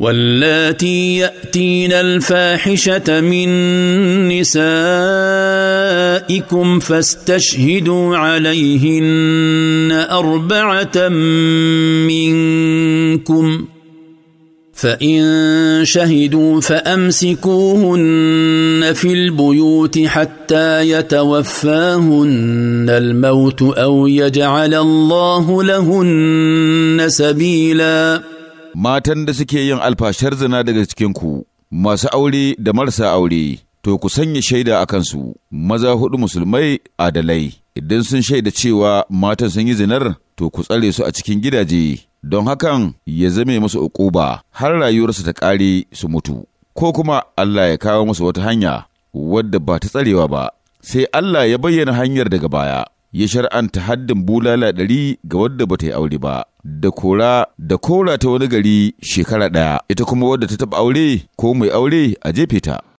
واللاتي ياتين الفاحشه من نسائكم فاستشهدوا عليهن اربعه منكم فان شهدوا فامسكوهن في البيوت حتى يتوفاهن الموت او يجعل الله لهن سبيلا matan da suke yin alfashar zina daga cikinku, masu aure da marasa aure, to ku sanya shaida a kansu, maza hudu musulmai adalai, idan sun shaida cewa matan sun yi zinar, to ku tsare su a cikin gidaje, don hakan ya zame musu uquba har rayuwarsu ta ƙare su mutu, ko kuma Allah ya kawo musu wata hanya wadda ba ta tsarewa ba, sai Allah ya bayyana hanyar daga baya. ya shar'anta haddin bulala ɗari ga wadda ba ta yi aure ba da kora da kora ta wani gari shekara ɗaya ita kuma wadda ta taɓa aure ko mai aure a jefe ta